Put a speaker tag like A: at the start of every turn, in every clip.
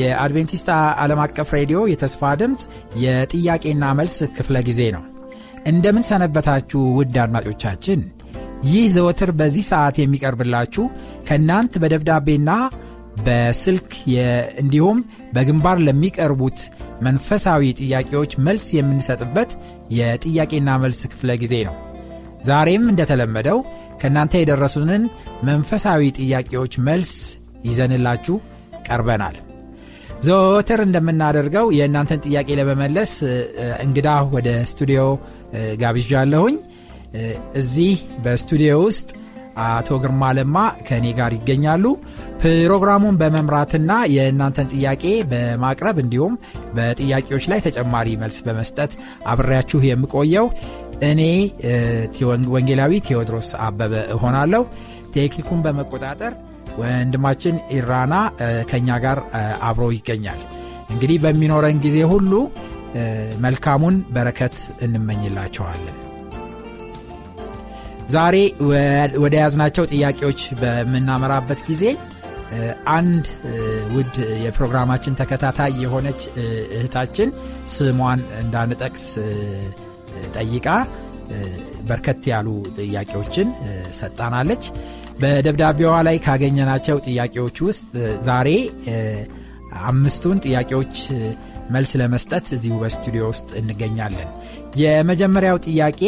A: የአድቬንቲስት ዓለም አቀፍ ሬዲዮ የተስፋ ድምፅ የጥያቄና መልስ ክፍለ ጊዜ ነው። እንደምን ሰነበታችሁ ውድ አድማጮቻችን። ይህ ዘወትር በዚህ ሰዓት የሚቀርብላችሁ ከእናንት በደብዳቤና በስልክ እንዲሁም በግንባር ለሚቀርቡት መንፈሳዊ ጥያቄዎች መልስ የምንሰጥበት የጥያቄና መልስ ክፍለ ጊዜ ነው። ዛሬም እንደተለመደው ከእናንተ የደረሱንን መንፈሳዊ ጥያቄዎች መልስ ይዘንላችሁ ቀርበናል። ዘወትር እንደምናደርገው የእናንተን ጥያቄ ለመመለስ እንግዳ ወደ ስቱዲዮ ጋብዣ አለሁኝ እዚህ በስቱዲዮ ውስጥ አቶ ግርማ ለማ ከእኔ ጋር ይገኛሉ። ፕሮግራሙን በመምራትና የእናንተን ጥያቄ በማቅረብ እንዲሁም በጥያቄዎች ላይ ተጨማሪ መልስ በመስጠት አብሬያችሁ የምቆየው እኔ ወንጌላዊ ቴዎድሮስ አበበ እሆናለሁ። ቴክኒኩን በመቆጣጠር ወንድማችን ኢራና ከእኛ ጋር አብሮ ይገኛል። እንግዲህ በሚኖረን ጊዜ ሁሉ መልካሙን በረከት እንመኝላቸዋለን። ዛሬ ወደ ያዝናቸው ጥያቄዎች በምናመራበት ጊዜ አንድ ውድ የፕሮግራማችን ተከታታይ የሆነች እህታችን ስሟን እንዳንጠቅስ ጠይቃ በርከት ያሉ ጥያቄዎችን ሰጣናለች። በደብዳቤዋ ላይ ካገኘናቸው ጥያቄዎች ውስጥ ዛሬ አምስቱን ጥያቄዎች መልስ ለመስጠት እዚሁ በስቱዲዮ ውስጥ እንገኛለን የመጀመሪያው ጥያቄ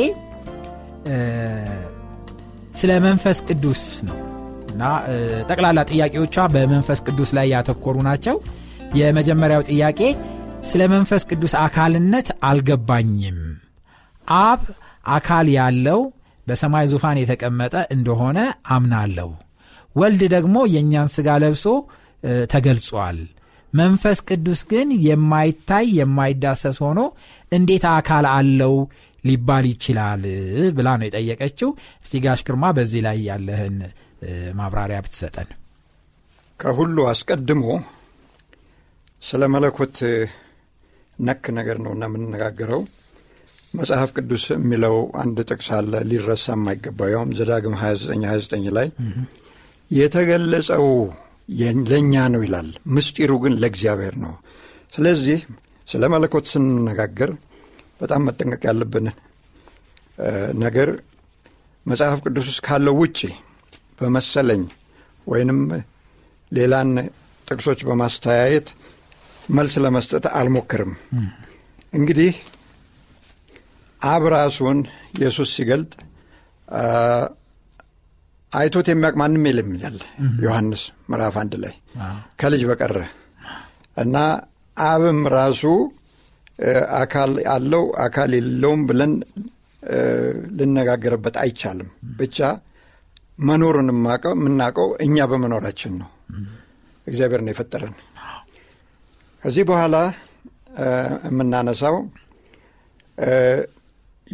A: ስለ መንፈስ ቅዱስ ነው እና ጠቅላላ ጥያቄዎቿ በመንፈስ ቅዱስ ላይ ያተኮሩ ናቸው የመጀመሪያው ጥያቄ ስለ መንፈስ ቅዱስ አካልነት አልገባኝም አብ አካል ያለው በሰማይ ዙፋን የተቀመጠ እንደሆነ አምናለሁ። ወልድ ደግሞ የእኛን ስጋ ለብሶ ተገልጿል። መንፈስ ቅዱስ ግን የማይታይ የማይዳሰስ ሆኖ እንዴት አካል አለው ሊባል ይችላል ብላ ነው የጠየቀችው። እስቲ ጋሽ በዚህ ላይ ያለህን ማብራሪያ ብትሰጠን።
B: ከሁሉ አስቀድሞ ስለ መለኮት ነክ ነገር ነው እና የምንነጋገረው መጽሐፍ ቅዱስ የሚለው አንድ ጥቅስ አለ ሊረሳ የማይገባው ያውም ዘዳግም 2929 ላይ የተገለጸው ለእኛ ነው ይላል፣ ምስጢሩ ግን ለእግዚአብሔር ነው። ስለዚህ ስለ መለኮት ስንነጋገር በጣም መጠንቀቅ ያለብን ነገር መጽሐፍ ቅዱስ ውስጥ ካለው ውጭ በመሰለኝ ወይንም ሌላን ጥቅሶች በማስተያየት መልስ ለመስጠት አልሞክርም። እንግዲህ አብ ራሱን ኢየሱስ ሲገልጥ አይቶት የሚያውቅ ማንም የለም ይላል ዮሐንስ ምዕራፍ አንድ ላይ ከልጅ በቀረ እና አብም ራሱ አካል አለው አካል የለውም ብለን ልነጋገርበት አይቻልም። ብቻ መኖሩን የምናውቀው እኛ በመኖራችን ነው። እግዚአብሔር ነው የፈጠረን። ከዚህ በኋላ የምናነሳው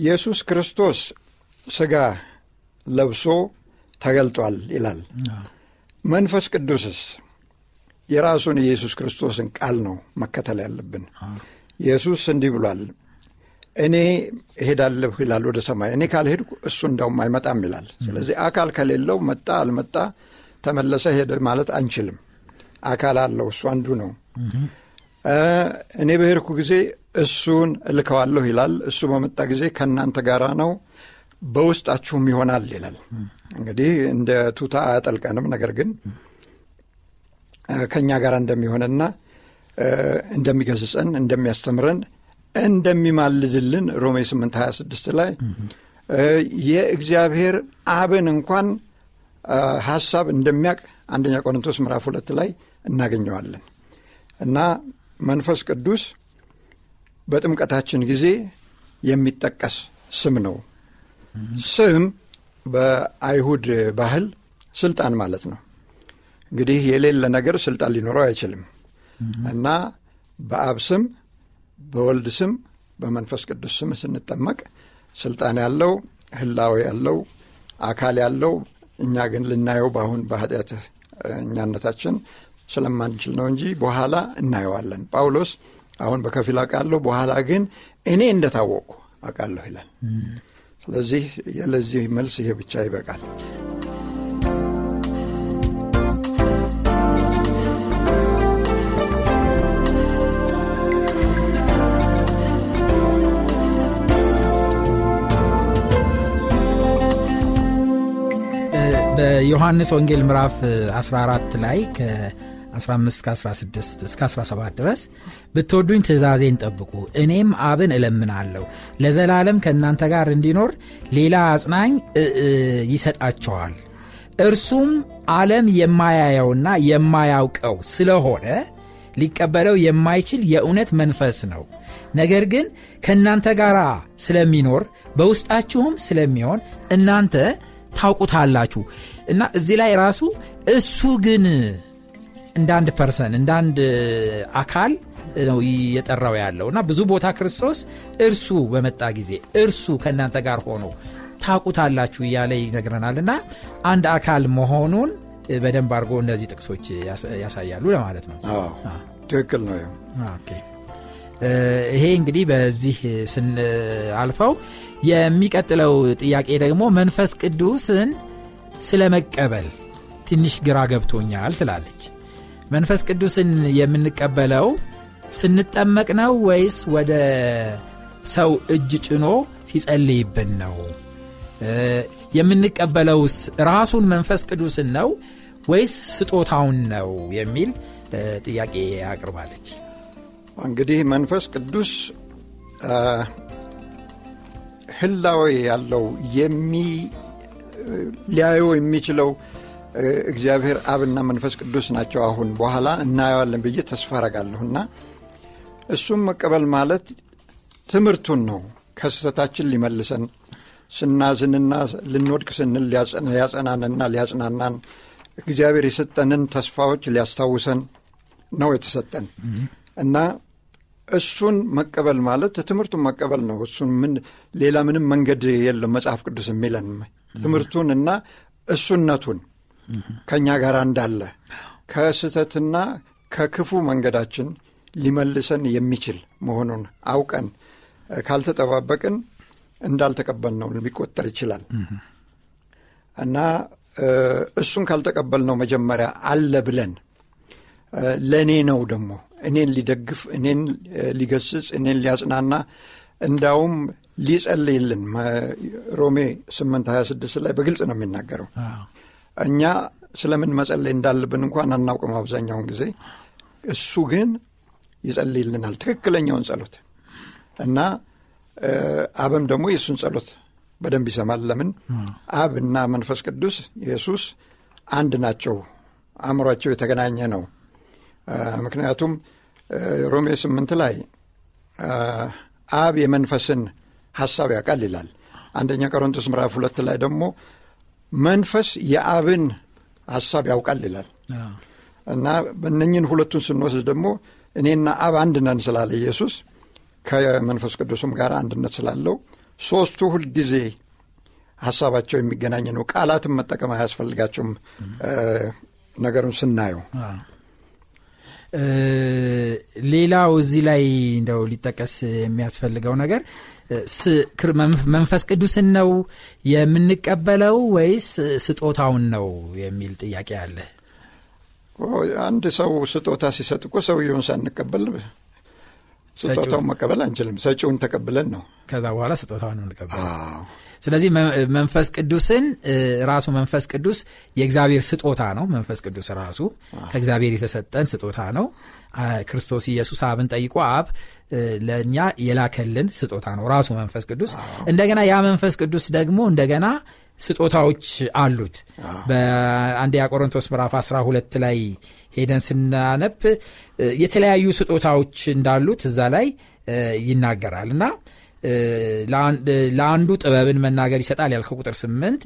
B: ኢየሱስ ክርስቶስ ስጋ ለብሶ ተገልጧል ይላል። መንፈስ ቅዱስስ የራሱን ኢየሱስ ክርስቶስን ቃል ነው መከተል ያለብን። ኢየሱስ እንዲህ ብሏል። እኔ እሄዳለሁ ይላል ወደ ሰማይ። እኔ ካልሄድኩ እሱ እንዳውም አይመጣም ይላል። ስለዚህ አካል ከሌለው መጣ አልመጣ ተመለሰ ሄደ ማለት አንችልም። አካል አለው እሱ አንዱ ነው። እኔ በሄድኩ ጊዜ እሱን እልከዋለሁ ይላል። እሱ በመጣ ጊዜ ከእናንተ ጋራ ነው በውስጣችሁም ይሆናል ይላል። እንግዲህ እንደ ቱታ አያጠልቀንም፣ ነገር ግን ከእኛ ጋር እንደሚሆንና እንደሚገስጸን፣ እንደሚያስተምረን፣ እንደሚማልድልን ሮሜ 8 26 ላይ የእግዚአብሔር አብን እንኳን ሐሳብ እንደሚያውቅ አንደኛ ቆሮንቶስ ምዕራፍ ሁለት ላይ እናገኘዋለን እና መንፈስ ቅዱስ በጥምቀታችን ጊዜ የሚጠቀስ ስም ነው። ስም በአይሁድ ባህል ስልጣን ማለት ነው። እንግዲህ የሌለ ነገር ስልጣን ሊኖረው አይችልም እና በአብ ስም፣ በወልድ ስም፣ በመንፈስ ቅዱስ ስም ስንጠመቅ ስልጣን ያለው ህላዊ ያለው አካል ያለው እኛ ግን ልናየው በአሁን በኃጢአት እኛነታችን ስለማንችል ነው እንጂ በኋላ እናየዋለን። ጳውሎስ አሁን በከፊል አውቃለሁ፣ በኋላ ግን እኔ እንደታወቁ አውቃለሁ ይላል። ስለዚህ የለዚህ መልስ ይሄ ብቻ ይበቃል።
A: በዮሐንስ ወንጌል ምዕራፍ 14 ላይ 15 16 እስከ 17 ድረስ ብትወዱኝ ትእዛዜን ጠብቁ። እኔም አብን እለምናለሁ ለዘላለም ከእናንተ ጋር እንዲኖር ሌላ አጽናኝ ይሰጣቸዋል። እርሱም ዓለም የማያየውና የማያውቀው ስለሆነ ሊቀበለው የማይችል የእውነት መንፈስ ነው። ነገር ግን ከእናንተ ጋር ስለሚኖር በውስጣችሁም ስለሚሆን እናንተ ታውቁታላችሁ እና እዚህ ላይ ራሱ እሱ ግን እንደ አንድ ፐርሰን እንደ አንድ አካል ነው እየጠራው ያለው እና ብዙ ቦታ ክርስቶስ እርሱ በመጣ ጊዜ እርሱ ከእናንተ ጋር ሆኖ ታቁታላችሁ እያለ ይነግረናል እና አንድ አካል መሆኑን በደንብ አድርጎ እነዚህ ጥቅሶች ያሳያሉ ለማለት ነው ትክክል ነው ይሄ እንግዲህ በዚህ ስንአልፈው የሚቀጥለው ጥያቄ ደግሞ መንፈስ ቅዱስን ስለ መቀበል ትንሽ ግራ ገብቶኛል ትላለች መንፈስ ቅዱስን የምንቀበለው ስንጠመቅ ነው ወይስ ወደ ሰው እጅ ጭኖ ሲጸልይብን ነው? የምንቀበለውስ ራሱን መንፈስ ቅዱስን ነው ወይስ ስጦታውን ነው የሚል ጥያቄ አቅርባለች። እንግዲህ መንፈስ ቅዱስ
B: ህላዊ ያለው ሊያየው የሚችለው እግዚአብሔር አብና መንፈስ ቅዱስ ናቸው። አሁን በኋላ እናየዋለን ብዬ ተስፋ ረጋለሁና እሱም መቀበል ማለት ትምህርቱን ነው። ከስተታችን ሊመልሰን ስናዝንና ልንወድቅ ስንል ሊያጸናንና ሊያጽናናን እግዚአብሔር የሰጠንን ተስፋዎች ሊያስታውሰን ነው የተሰጠን እና እሱን መቀበል ማለት ትምህርቱን መቀበል ነው። እሱን ምን ሌላ ምንም መንገድ የለው መጽሐፍ ቅዱስ የሚለን ትምህርቱን እና እሱነቱን ከእኛ ጋር እንዳለ ከስህተትና ከክፉ መንገዳችን ሊመልሰን የሚችል መሆኑን አውቀን ካልተጠባበቅን እንዳልተቀበልነው ሊቆጠር ይችላል እና እሱን ካልተቀበልነው መጀመሪያ አለ ብለን ለእኔ ነው ደግሞ እኔን ሊደግፍ እኔን ሊገስጽ እኔን ሊያጽናና እንዳውም ሊጸልይልን ሮሜ 8 26 ላይ በግልጽ ነው የሚናገረው እኛ ስለምን መጸለይ እንዳለብን እንኳን አናውቅም አብዛኛውን ጊዜ። እሱ ግን ይጸልይልናል ትክክለኛውን ጸሎት እና አብም ደግሞ የእሱን ጸሎት በደንብ ይሰማል። ለምን አብ እና መንፈስ ቅዱስ ኢየሱስ አንድ ናቸው፣ አእምሯቸው የተገናኘ ነው። ምክንያቱም ሮሜ ስምንት ላይ አብ የመንፈስን ሀሳብ ያውቃል ይላል። አንደኛ ቆሮንቶስ ምራፍ ሁለት ላይ ደግሞ መንፈስ የአብን ሀሳብ ያውቃል ይላል እና በነኝን ሁለቱን ስንወስድ ደግሞ እኔና አብ አንድ ነን ስላለ ኢየሱስ ከመንፈስ ቅዱስም ጋር አንድነት ስላለው ሶስቱ ሁልጊዜ ሀሳባቸው የሚገናኝ ነው። ቃላትን መጠቀም አያስፈልጋቸውም። ነገሩን ስናየው
A: ሌላው እዚህ ላይ እንደው ሊጠቀስ የሚያስፈልገው ነገር መንፈስ ቅዱስን ነው የምንቀበለው ወይስ ስጦታውን ነው የሚል ጥያቄ አለ። አንድ ሰው ስጦታ ሲሰጥ
B: እኮ ሰውየውን ሳንቀበል ስጦታውን መቀበል አንችልም። ሰጪውን ተቀብለን ነው
A: ከዛ በኋላ ስጦታውን እንቀበል። ስለዚህ መንፈስ ቅዱስን ራሱ መንፈስ ቅዱስ የእግዚአብሔር ስጦታ ነው። መንፈስ ቅዱስ ራሱ ከእግዚአብሔር የተሰጠን ስጦታ ነው። ክርስቶስ ኢየሱስ አብን ጠይቆ አብ ለእኛ የላከልን ስጦታ ነው ራሱ መንፈስ ቅዱስ እንደገና ያ መንፈስ ቅዱስ ደግሞ እንደገና ስጦታዎች አሉት በአንደኛ ቆሮንቶስ ምዕራፍ 12 ላይ ሄደን ስናነብ የተለያዩ ስጦታዎች እንዳሉት እዛ ላይ ይናገራል እና ለአንዱ ጥበብን መናገር ይሰጣል ያልከው ቁጥር ስምንት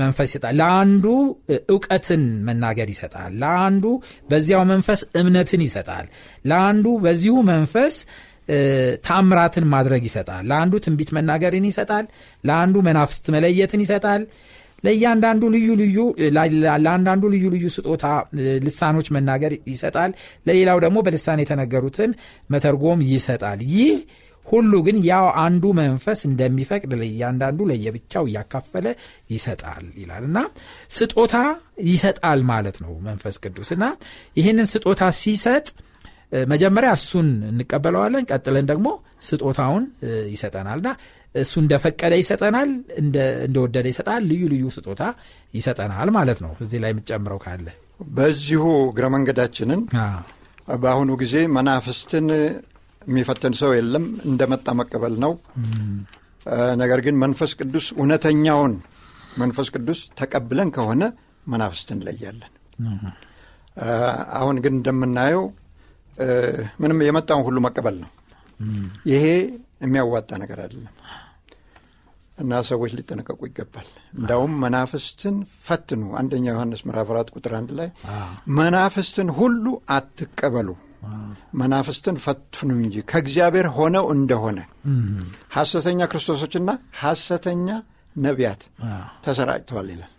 A: መንፈስ ይሰጣል። ለአንዱ እውቀትን መናገር ይሰጣል። ለአንዱ በዚያው መንፈስ እምነትን ይሰጣል። ለአንዱ በዚሁ መንፈስ ታምራትን ማድረግ ይሰጣል። ለአንዱ ትንቢት መናገርን ይሰጣል። ለአንዱ መናፍስት መለየትን ይሰጣል። ለእያንዳንዱ ልዩ ልዩ ለአንዳንዱ ልዩ ልዩ ስጦታ ልሳኖች መናገር ይሰጣል። ለሌላው ደግሞ በልሳን የተነገሩትን መተርጎም ይሰጣል። ይህ ሁሉ ግን ያው አንዱ መንፈስ እንደሚፈቅድ ለእያንዳንዱ ለየብቻው እያካፈለ ይሰጣል ይላል እና ስጦታ ይሰጣል ማለት ነው መንፈስ ቅዱስ እና ይህንን ስጦታ ሲሰጥ መጀመሪያ እሱን እንቀበለዋለን ቀጥለን ደግሞ ስጦታውን ና እሱ እንደፈቀደ ይሰጠናል እንደወደደ ይሰጣል ልዩ ልዩ ስጦታ ይሰጠናል ማለት ነው እዚህ ላይ የምትጨምረው ካለ
B: በዚሁ እግረ መንገዳችንን በአሁኑ ጊዜ መናፍስትን የሚፈትን ሰው የለም እንደመጣ መቀበል ነው። ነገር ግን መንፈስ ቅዱስ እውነተኛውን መንፈስ ቅዱስ ተቀብለን ከሆነ መናፍስት እንለያለን። አሁን ግን እንደምናየው ምንም የመጣውን ሁሉ መቀበል ነው። ይሄ የሚያዋጣ ነገር አይደለም እና ሰዎች ሊጠነቀቁ ይገባል። እንዳውም መናፍስትን ፈትኑ። አንደኛ ዮሐንስ ምራፍራት ቁጥር አንድ ላይ መናፍስትን ሁሉ አትቀበሉ መናፍስትን ፈትኑ እንጂ ከእግዚአብሔር ሆነው እንደሆነ ሐሰተኛ ክርስቶሶችና ሐሰተኛ ነቢያት ተሰራጭተዋል ይላል።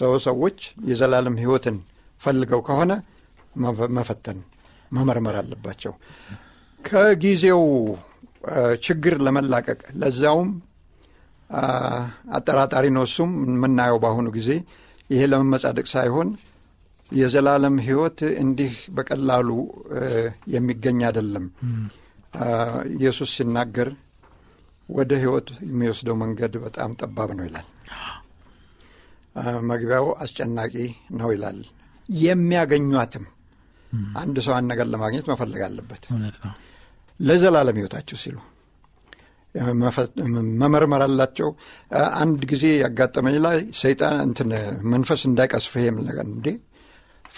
B: ሰው ሰዎች የዘላለም ሕይወትን ፈልገው ከሆነ መፈተን መመርመር አለባቸው። ከጊዜው ችግር ለመላቀቅ ለዛውም አጠራጣሪ ነው። እሱም የምናየው በአሁኑ ጊዜ ይሄ ለመመጻደቅ ሳይሆን የዘላለም ህይወት እንዲህ በቀላሉ የሚገኝ አይደለም። ኢየሱስ ሲናገር ወደ ህይወት የሚወስደው መንገድ በጣም ጠባብ ነው ይላል። መግቢያው አስጨናቂ ነው ይላል። የሚያገኟትም አንድ ሰው አንድ ነገር ለማግኘት መፈለግ አለበት ለዘላለም ህይወታቸው ሲሉ መመርመር አላቸው። አንድ ጊዜ ያጋጠመኝ ላይ ሰይጣን እንትን መንፈስ እንዳይቀስፍህ የምል ነገር እንዴ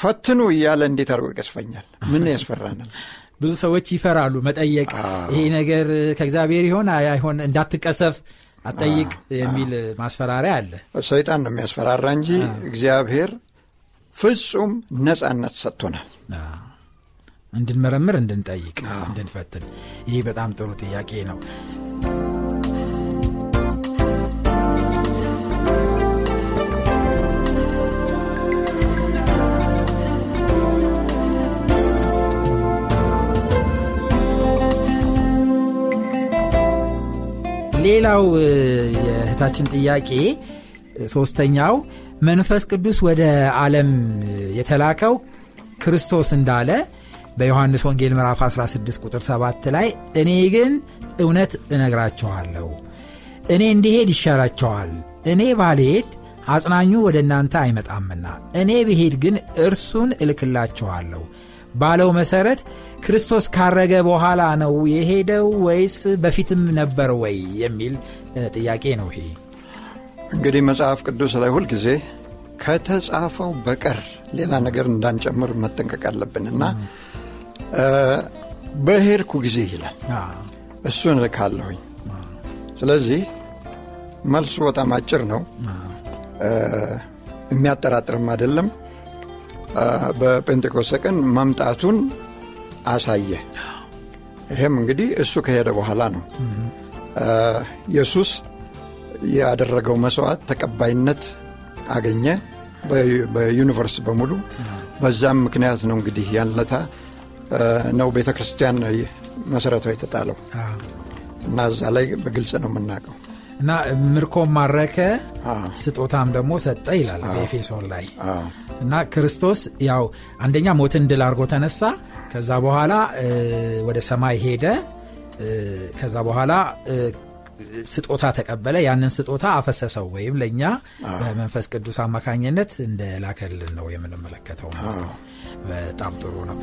B: ፈትኑ እያለ እንዴት አድርጎ ይቀስፈኛል?
A: ምን ያስፈራናል? ብዙ ሰዎች ይፈራሉ መጠየቅ። ይሄ ነገር ከእግዚአብሔር ይሆን አይሆን፣ እንዳትቀሰፍ፣ አትጠይቅ የሚል ማስፈራሪያ አለ። ሰይጣን ነው
B: የሚያስፈራራ እንጂ እግዚአብሔር ፍጹም ነጻነት ሰጥቶናል
A: እንድንመረምር፣ እንድንጠይቅ፣ እንድንፈትን። ይህ በጣም ጥሩ ጥያቄ ነው። ሌላው የእህታችን ጥያቄ ሶስተኛው መንፈስ ቅዱስ ወደ ዓለም የተላከው ክርስቶስ እንዳለ በዮሐንስ ወንጌል ምዕራፍ 16 ቁጥር 7 ላይ እኔ ግን እውነት እነግራቸኋለሁ እኔ እንዲሄድ ይሻላቸዋል እኔ ባልሄድ አጽናኙ ወደ እናንተ አይመጣምና እኔ ብሄድ ግን እርሱን እልክላቸኋለሁ ባለው መሠረት ክርስቶስ ካረገ በኋላ ነው የሄደው ወይስ በፊትም ነበር ወይ የሚል ጥያቄ ነው። ይሄ
B: እንግዲህ መጽሐፍ ቅዱስ ላይ ሁልጊዜ ከተጻፈው በቀር ሌላ ነገር እንዳንጨምር መጠንቀቅ አለብን እና በሄድኩ ጊዜ ይላል እሱን እልካለሁኝ። ስለዚህ መልሱ በጣም አጭር ነው፣ የሚያጠራጥርም አይደለም። በጴንጤቆስጤ ቀን መምጣቱን አሳየ። ይህም እንግዲህ እሱ ከሄደ በኋላ ነው ኢየሱስ ያደረገው መስዋዕት ተቀባይነት አገኘ በዩኒቨርስ በሙሉ። በዛም ምክንያት ነው እንግዲህ ያለታ ነው ቤተ ክርስቲያን መሰረቷ የተጣለው እና እዛ ላይ በግልጽ ነው የምናውቀው።
A: እና ምርኮም ማረከ ስጦታም ደግሞ ሰጠ ይላል በኤፌሶን ላይ እና ክርስቶስ ያው አንደኛ ሞትን ድል አድርጎ ተነሳ፣ ከዛ በኋላ ወደ ሰማይ ሄደ። ከዛ በኋላ ስጦታ ተቀበለ። ያንን ስጦታ አፈሰሰው ወይም ለእኛ በመንፈስ ቅዱስ አማካኝነት እንደላከልን ነው የምንመለከተው። በጣም ጥሩ ነው።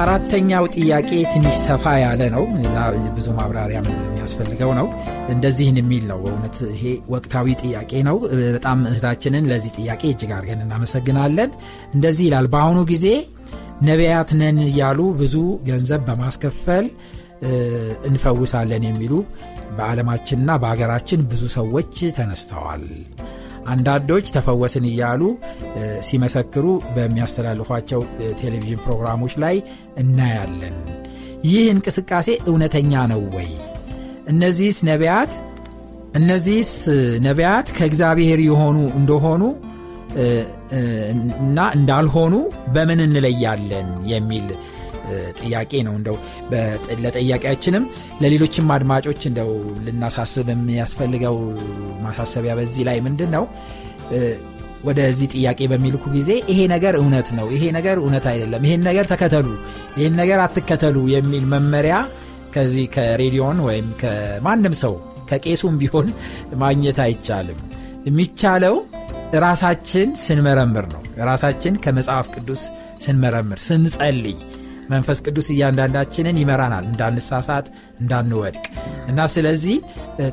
A: አራተኛው ጥያቄ ትንሽ ሰፋ ያለ ነው ብዙ ማብራሪያም የሚያስፈልገው ነው። እንደዚህን የሚል ነው። በእውነት ይሄ ወቅታዊ ጥያቄ ነው። በጣም እህታችንን ለዚህ ጥያቄ እጅግ አርገን እናመሰግናለን። እንደዚህ ይላል። በአሁኑ ጊዜ ነቢያት ነን እያሉ ብዙ ገንዘብ በማስከፈል እንፈውሳለን የሚሉ በዓለማችንና በሀገራችን ብዙ ሰዎች ተነስተዋል። አንዳንዶች ተፈወስን እያሉ ሲመሰክሩ በሚያስተላልፏቸው ቴሌቪዥን ፕሮግራሞች ላይ እናያለን። ይህ እንቅስቃሴ እውነተኛ ነው ወይ? እነዚህስ ነቢያት እነዚህስ ነቢያት ከእግዚአብሔር የሆኑ እንደሆኑ እና እንዳልሆኑ በምን እንለያለን የሚል ጥያቄ ነው። እንደው ለጠያቂያችንም ለሌሎችም አድማጮች እንደው ልናሳስብ የሚያስፈልገው ማሳሰቢያ በዚህ ላይ ምንድን ነው ወደዚህ ጥያቄ በሚልኩ ጊዜ ይሄ ነገር እውነት ነው፣ ይሄ ነገር እውነት አይደለም፣ ይሄን ነገር ተከተሉ፣ ይሄን ነገር አትከተሉ የሚል መመሪያ ከዚህ ከሬዲዮን ወይም ከማንም ሰው ከቄሱም ቢሆን ማግኘት አይቻልም። የሚቻለው ራሳችን ስንመረምር ነው። ራሳችን ከመጽሐፍ ቅዱስ ስንመረምር፣ ስንጸልይ መንፈስ ቅዱስ እያንዳንዳችንን ይመራናል እንዳንሳሳት እንዳንወድቅ እና ስለዚህ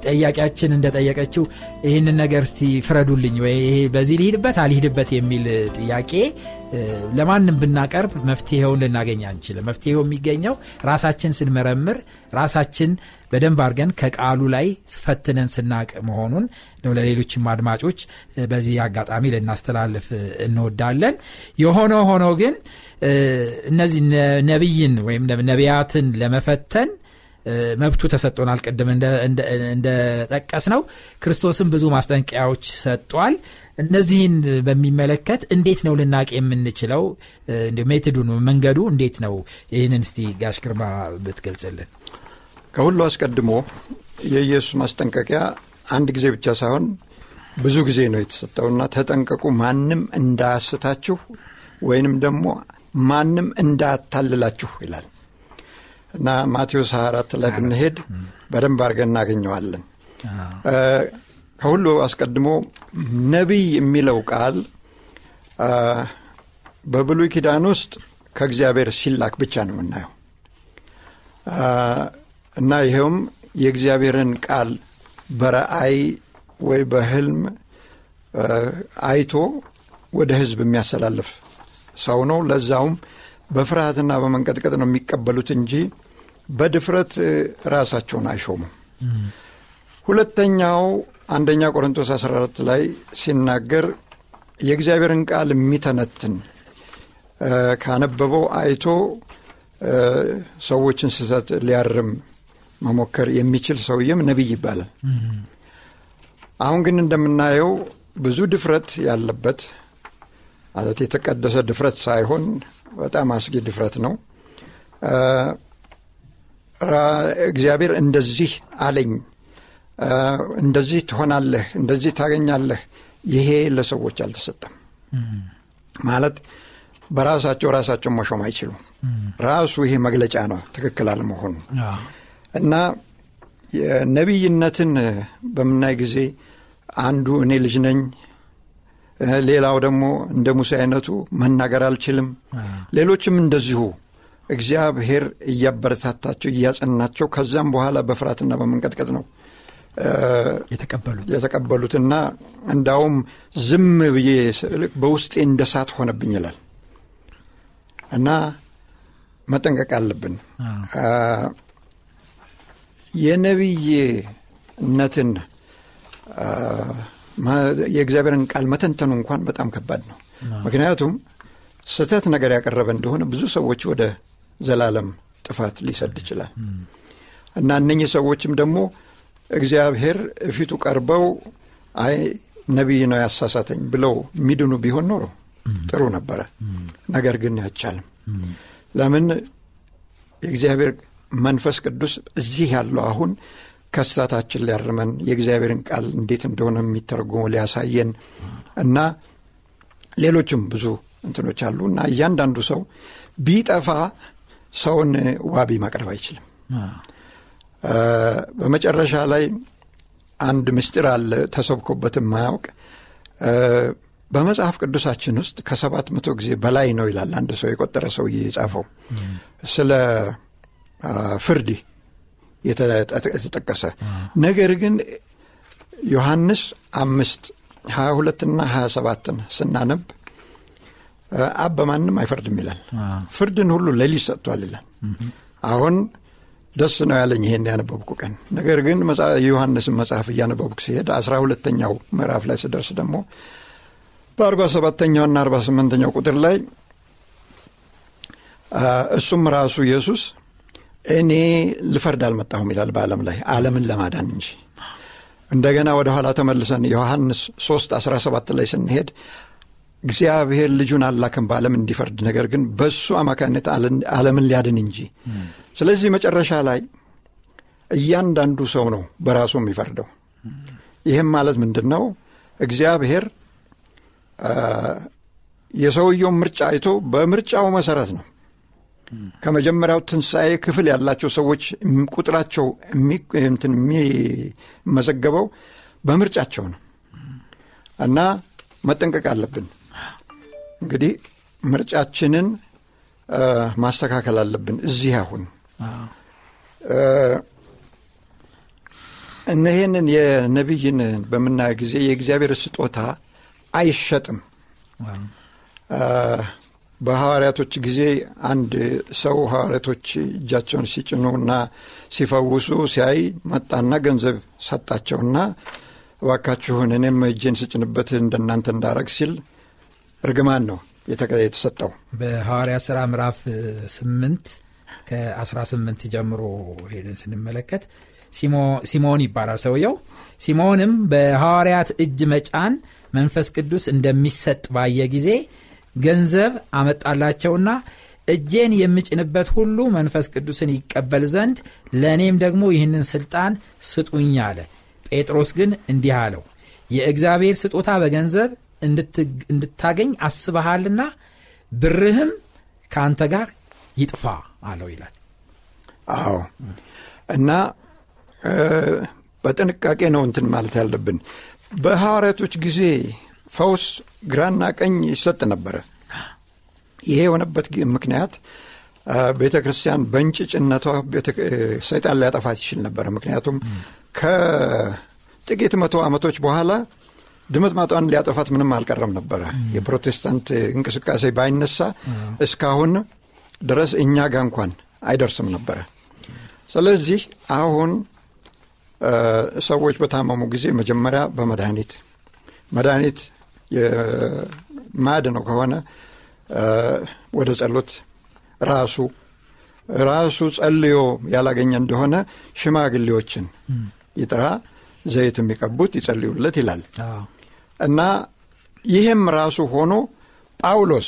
A: ጠያቂያችን እንደጠየቀችው ይህንን ነገር እስቲ ፍረዱልኝ ወይ በዚህ ልሂድበት አልሂድበት የሚል ጥያቄ ለማንም ብናቀርብ መፍትሄውን ልናገኝ አንችልም መፍትሄው የሚገኘው ራሳችን ስንመረምር ራሳችን በደንብ አድርገን ከቃሉ ላይ ፈትነን ስናቅ መሆኑን ነው ለሌሎችም አድማጮች በዚህ አጋጣሚ ልናስተላልፍ እንወዳለን የሆነ ሆኖ ግን እነዚህ ነቢይን ወይም ነቢያትን ለመፈተን መብቱ ተሰጥቶናል። ቅድም እንደጠቀስ ነው ክርስቶስም ብዙ ማስጠንቀቂያዎች ሰጧል። እነዚህን በሚመለከት እንዴት ነው ልናቅ የምንችለው? ሜትዱን መንገዱ እንዴት ነው? ይህንን ስቲ ጋሽ ግርማ ብትገልጽልን። ከሁሉ
B: አስቀድሞ የኢየሱስ ማስጠንቀቂያ አንድ ጊዜ ብቻ
A: ሳይሆን ብዙ ጊዜ
B: ነው የተሰጠውና ተጠንቀቁ፣ ማንም እንዳያስታችሁ ወይንም ደግሞ ማንም እንዳታልላችሁ ይላል እና ማቴዎስ 24 ላይ ብንሄድ በደንብ አድርገን እናገኘዋለን። ከሁሉ አስቀድሞ ነቢይ የሚለው ቃል በብሉይ ኪዳን ውስጥ ከእግዚአብሔር ሲላክ ብቻ ነው የምናየው እና ይኸውም የእግዚአብሔርን ቃል በረአይ ወይ በህልም አይቶ ወደ ህዝብ የሚያስተላልፍ ሰው ነው። ለዛውም በፍርሃትና በመንቀጥቀጥ ነው የሚቀበሉት እንጂ በድፍረት ራሳቸውን አይሾሙም። ሁለተኛው አንደኛ ቆሮንቶስ 14 ላይ ሲናገር የእግዚአብሔርን ቃል የሚተነትን ካነበበው አይቶ ሰዎችን ስሰት ሊያርም መሞከር የሚችል ሰውዬም ነቢይ ይባላል። አሁን ግን እንደምናየው ብዙ ድፍረት ያለበት ማለት የተቀደሰ ድፍረት ሳይሆን በጣም አስጊ ድፍረት ነው። እግዚአብሔር እንደዚህ አለኝ፣ እንደዚህ ትሆናለህ፣ እንደዚህ ታገኛለህ። ይሄ ለሰዎች አልተሰጠም። ማለት በራሳቸው ራሳቸው መሾም አይችሉም። ራሱ ይሄ መግለጫ ነው ትክክል አለመሆኑ እና ነቢይነትን በምናይ ጊዜ አንዱ እኔ ልጅ ነኝ ሌላው ደግሞ እንደ ሙሴ አይነቱ መናገር አልችልም። ሌሎችም እንደዚሁ እግዚአብሔር እያበረታታቸው እያጸናቸው ከዛም በኋላ በፍራትና በመንቀጥቀጥ ነው የተቀበሉት እና እንዳውም ዝም ብዬ በውስጤ እንደ ሳት ሆነብኝ ይላል እና መጠንቀቅ አለብን። የነቢይነትን የእግዚአብሔርን ቃል መተንተኑ እንኳን በጣም ከባድ ነው። ምክንያቱም ስህተት ነገር ያቀረበ እንደሆነ ብዙ ሰዎች ወደ ዘላለም ጥፋት ሊሰድ ይችላል እና እነኚህ ሰዎችም ደግሞ እግዚአብሔር እፊቱ ቀርበው አይ ነቢይ ነው ያሳሳተኝ ብለው የሚድኑ ቢሆን ኖሮ ጥሩ ነበረ። ነገር ግን አይቻልም። ለምን የእግዚአብሔር መንፈስ ቅዱስ እዚህ ያለው አሁን ከስታታችን ሊያርመን የእግዚአብሔርን ቃል እንዴት እንደሆነ የሚተረጉሙ ሊያሳየን እና ሌሎችም ብዙ እንትኖች አሉ እና እያንዳንዱ ሰው ቢጠፋ ሰውን ዋቢ ማቅረብ አይችልም። በመጨረሻ ላይ አንድ ምስጢር አለ ተሰብኮበት የማያውቅ በመጽሐፍ ቅዱሳችን ውስጥ ከሰባት መቶ ጊዜ በላይ ነው ይላል አንድ ሰው የቆጠረ ሰው የጻፈው ስለ ፍርድ የተጠቀሰ ነገር ግን ዮሐንስ አምስት ሀያ ሁለትና ሀያ ሰባትን ስናነብ አብ በማንም አይፈርድም ይላል። ፍርድን ሁሉ ለሊት ሰጥቷል ይላል። አሁን ደስ ነው ያለኝ ይሄን ያነበብኩ ቀን። ነገር ግን ዮሐንስን መጽሐፍ እያነበብኩ ሲሄድ አስራ ሁለተኛው ምዕራፍ ላይ ስደርስ ደግሞ በአርባ ሰባተኛውና አርባ ስምንተኛው ቁጥር ላይ እሱም ራሱ ኢየሱስ እኔ ልፈርድ አልመጣሁም ይላል በዓለም ላይ ዓለምን ለማዳን እንጂ። እንደገና ወደ ኋላ ተመልሰን ዮሐንስ 3 17 ላይ ስንሄድ እግዚአብሔር ልጁን አላክም በዓለም እንዲፈርድ ነገር ግን በሱ አማካኝነት ዓለምን ሊያድን እንጂ። ስለዚህ መጨረሻ ላይ እያንዳንዱ ሰው ነው በራሱ የሚፈርደው። ይህም ማለት ምንድን ነው? እግዚአብሔር የሰውየውን ምርጫ አይቶ በምርጫው መሰረት ነው ከመጀመሪያው ትንሣኤ ክፍል ያላቸው ሰዎች ቁጥራቸው የሚመዘገበው በምርጫቸው ነው እና መጠንቀቅ አለብን። እንግዲህ ምርጫችንን ማስተካከል አለብን። እዚህ አሁን እነሄንን የነቢይን በምናየው ጊዜ የእግዚአብሔር ስጦታ አይሸጥም። በሐዋርያቶች ጊዜ አንድ ሰው ሐዋርያቶች እጃቸውን ሲጭኑና ሲፈውሱ ሲያይ መጣና ገንዘብ ሰጣቸውና እባካችሁን እኔም እጄን ስጭንበት እንደናንተ እንዳረግ ሲል እርግማን ነው የተሰጠው።
A: በሐዋርያ ሥራ ምዕራፍ 8 ከ18 ጀምሮ ሄደን ስንመለከት ሲሞን ይባላል ሰውየው። ሲሞንም በሐዋርያት እጅ መጫን መንፈስ ቅዱስ እንደሚሰጥ ባየ ጊዜ ገንዘብ አመጣላቸውና እጄን የምጭንበት ሁሉ መንፈስ ቅዱስን ይቀበል ዘንድ ለእኔም ደግሞ ይህንን ስልጣን ስጡኝ አለ። ጴጥሮስ ግን እንዲህ አለው፣ የእግዚአብሔር ስጦታ በገንዘብ እንድታገኝ አስበሃልና ብርህም ከአንተ ጋር ይጥፋ አለው ይላል። አዎ እና
B: በጥንቃቄ ነው እንትን ማለት ያለብን በሐዋርያቶች ጊዜ ፈውስ ግራና ቀኝ ይሰጥ ነበረ። ይሄ የሆነበት ምክንያት ቤተ ክርስቲያን በእንጭጭነቷ ሰይጣን ሊያጠፋት ይችል ነበረ። ምክንያቱም ከጥቂት መቶ ዓመቶች በኋላ ማጧን ሊያጠፋት ምንም አልቀረም ነበረ። የፕሮቴስታንት እንቅስቃሴ ባይነሳ እስካሁን ድረስ እኛ ጋ እንኳን አይደርስም ነበረ። ስለዚህ አሁን ሰዎች በታመሙ ጊዜ መጀመሪያ በመድኃኒት መድኃኒት የማድነው ከሆነ ወደ ጸሎት ራሱ ራሱ ጸልዮ ያላገኘ እንደሆነ ሽማግሌዎችን ይጥራ፣ ዘይት የሚቀቡት ይጸልዩለት ይላል እና ይህም ራሱ ሆኖ ጳውሎስ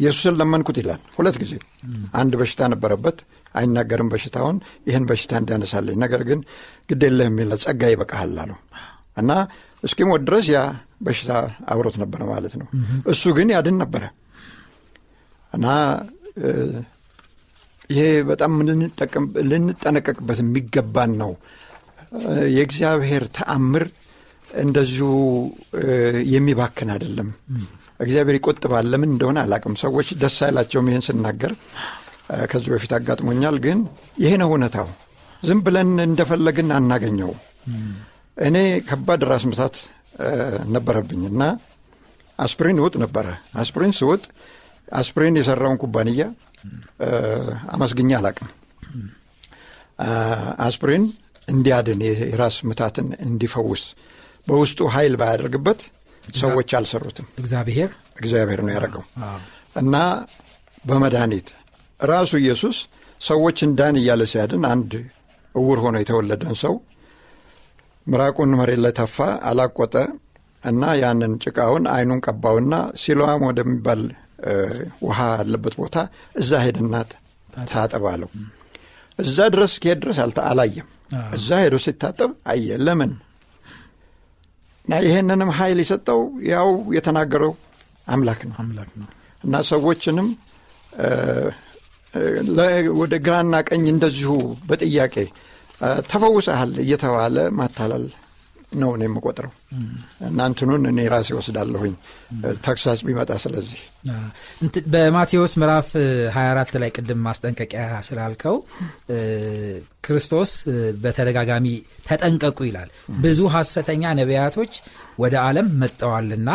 B: ኢየሱስን ለመንኩት ይላል ሁለት ጊዜ። አንድ በሽታ ነበረበት፣ አይናገርም በሽታውን፣ ይህን በሽታ እንዲያነሳለኝ ነገር ግን ግዴለህ የሚለ ጸጋ ይበቃሃል አለው እና እስኪሞት ድረስ ያ በሽታ አብሮት ነበረ ማለት ነው። እሱ ግን ያድን ነበረ እና ይሄ በጣም ልንጠነቀቅበት የሚገባን ነው። የእግዚአብሔር ተአምር እንደዚሁ የሚባክን አይደለም። እግዚአብሔር ይቆጥባል። ለምን እንደሆነ አላቅም። ሰዎች ደስ አይላቸውም ይህን ስናገር፣ ከዚህ በፊት አጋጥሞኛል። ግን ይሄ ነው እውነታው። ዝም ብለን እንደፈለግን አናገኘው። እኔ ከባድ ራስ ምታት ነበረብኝ እና አስፕሪን ውጥ ነበረ። አስፕሪን ስውጥ አስፕሪን የሰራውን ኩባንያ አመስግኛ አላቅም። አስፕሪን እንዲያድን የራስ ምታትን እንዲፈውስ በውስጡ ኃይል ባያደርግበት ሰዎች አልሰሩትም። እግዚአብሔር እግዚአብሔር ነው ያደረገው እና በመድኃኒት ራሱ ኢየሱስ ሰዎችን ዳን እያለ ሲያድን አንድ እውር ሆኖ የተወለደን ሰው ምራቁን መሬት ላይ ተፋ፣ አላቆጠ እና ያንን ጭቃውን አይኑን ቀባውና ሲሎዋም ወደሚባል ውሃ ያለበት ቦታ እዛ ሄድና ታጠብ አለው። እዛ ድረስ እስኪሄድ ድረስ አላየም። እዛ ሄዶ ሲታጠብ አየ። ለምን እና ይህንንም ኃይል የሰጠው ያው የተናገረው አምላክ ነው እና ሰዎችንም ወደ ግራና ቀኝ እንደዚሁ በጥያቄ ተፈውሰሃል እየተባለ ማታላል ነው ነው የምቆጥረው እናንትኑን እኔ ራሴ ይወስዳለሁኝ ተክሳስ ቢመጣ ስለዚህ
A: በማቴዎስ ምዕራፍ 24 ላይ ቅድም ማስጠንቀቂያ ስላልከው ክርስቶስ በተደጋጋሚ ተጠንቀቁ ይላል ብዙ ሐሰተኛ ነቢያቶች ወደ ዓለም መጠዋልና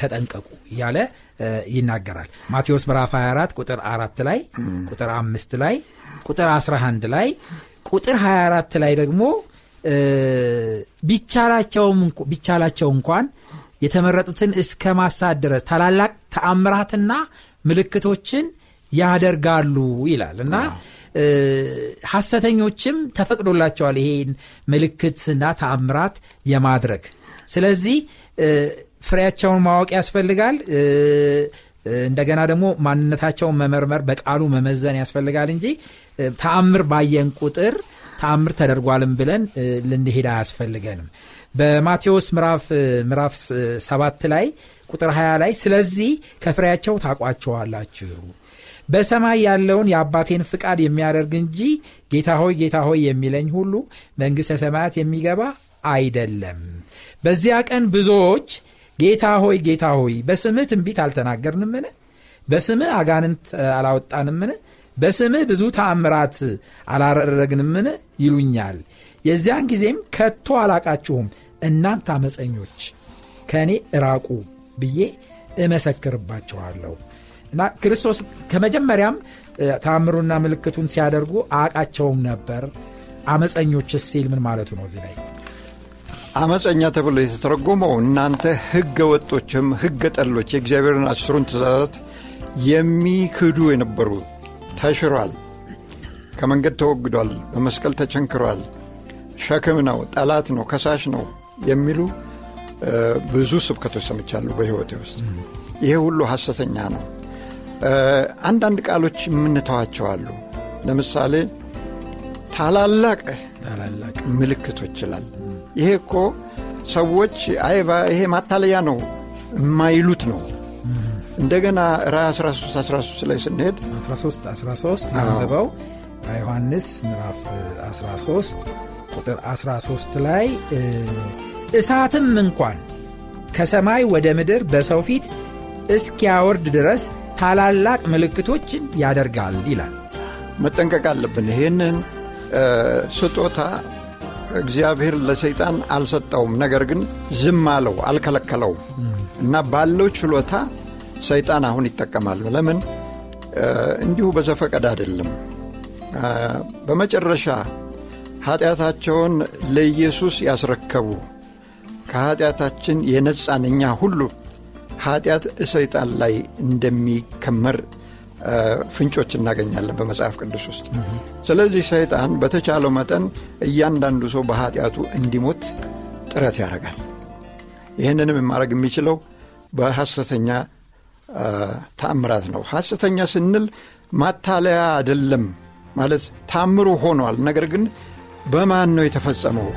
A: ተጠንቀቁ እያለ ይናገራል ማቴዎስ ምዕራፍ 24 ቁጥር 4 ላይ ቁጥር 5 ላይ ቁጥር 11 ላይ ቁጥር 24 ላይ ደግሞ ቢቻላቸው እንኳን የተመረጡትን እስከ ማሳት ድረስ ታላላቅ ተአምራትና ምልክቶችን ያደርጋሉ ይላል እና ሐሰተኞችም ተፈቅዶላቸዋል ይሄን ምልክትና ተአምራት የማድረግ ስለዚህ ፍሬያቸውን ማወቅ ያስፈልጋል እንደገና ደግሞ ማንነታቸውን መመርመር በቃሉ መመዘን ያስፈልጋል እንጂ ተአምር ባየን ቁጥር ተአምር ተደርጓልም ብለን ልንሄድ አያስፈልገንም በማቴዎስ ምራፍ ምዕራፍ 7 ላይ ቁጥር 20 ላይ ስለዚህ ከፍሬያቸው ታቋቸዋላችሁ በሰማይ ያለውን የአባቴን ፍቃድ የሚያደርግ እንጂ ጌታ ሆይ ጌታ ሆይ የሚለኝ ሁሉ መንግሥተ ሰማያት የሚገባ አይደለም በዚያ ቀን ብዙዎች ጌታ ሆይ ጌታ ሆይ በስምህ ትንቢት አልተናገርንምን በስምህ አጋንንት አላወጣንምን በስምህ ብዙ ታምራት አላረረግንምን ይሉኛል። የዚያን ጊዜም ከቶ አላቃችሁም፣ እናንተ አመፀኞች ከእኔ እራቁ ብዬ እመሰክርባቸዋለሁ። እና ክርስቶስ ከመጀመሪያም ተአምሩና ምልክቱን ሲያደርጉ አቃቸውም ነበር። አመፀኞችስ ሲል ምን ማለቱ ነው? እዚህ ላይ አመፀኛ
B: ተብሎ የተተረጎመው እናንተ ህገ ወጦችም ህገ ጠሎች የእግዚአብሔርን አስሩን ትእዛዛት የሚክዱ የነበሩ ተሽሯል፣ ከመንገድ ተወግዷል፣ በመስቀል ተቸንክሯል፣ ሸክም ነው፣ ጠላት ነው፣ ከሳሽ ነው የሚሉ ብዙ ስብከቶች ሰምቻለሁ በሕይወቴ ውስጥ። ይሄ ሁሉ ሐሰተኛ ነው። አንዳንድ ቃሎች የምንተዋቸው አሉ። ለምሳሌ ታላላቅ ምልክቶች ይችላል። ይሄ እኮ ሰዎች አይባ ይሄ ማታለያ ነው የማይሉት ነው እንደገና
A: ራ 13 ላይ ስንሄድ 13 13 ላንብበው ዮሐንስ ምዕራፍ 13 ቁጥር 13 ላይ እሳትም እንኳን ከሰማይ ወደ ምድር በሰው ፊት እስኪያወርድ ድረስ ታላላቅ ምልክቶችን ያደርጋል ይላል። መጠንቀቅ አለብን።
B: ይህንን ስጦታ እግዚአብሔር ለሰይጣን አልሰጠውም። ነገር ግን ዝም አለው፣ አልከለከለውም እና ባለው ችሎታ ሰይጣን አሁን ይጠቀማል ለምን እንዲሁ በዘፈቀድ አይደለም በመጨረሻ ኀጢአታቸውን ለኢየሱስ ያስረከቡ ከኀጢአታችን የነጻነኛ ሁሉ ኀጢአት ሰይጣን ላይ እንደሚከመር ፍንጮች እናገኛለን በመጽሐፍ ቅዱስ ውስጥ ስለዚህ ሰይጣን በተቻለው መጠን እያንዳንዱ ሰው በኀጢአቱ እንዲሞት ጥረት ያደርጋል ይህንንም የማድረግ የሚችለው በሐሰተኛ ተአምራት ነው ሐሰተኛ ስንል ማታለያ አይደለም ማለት ታምሩ ሆኗል ነገር ግን በማን ነው የተፈጸመው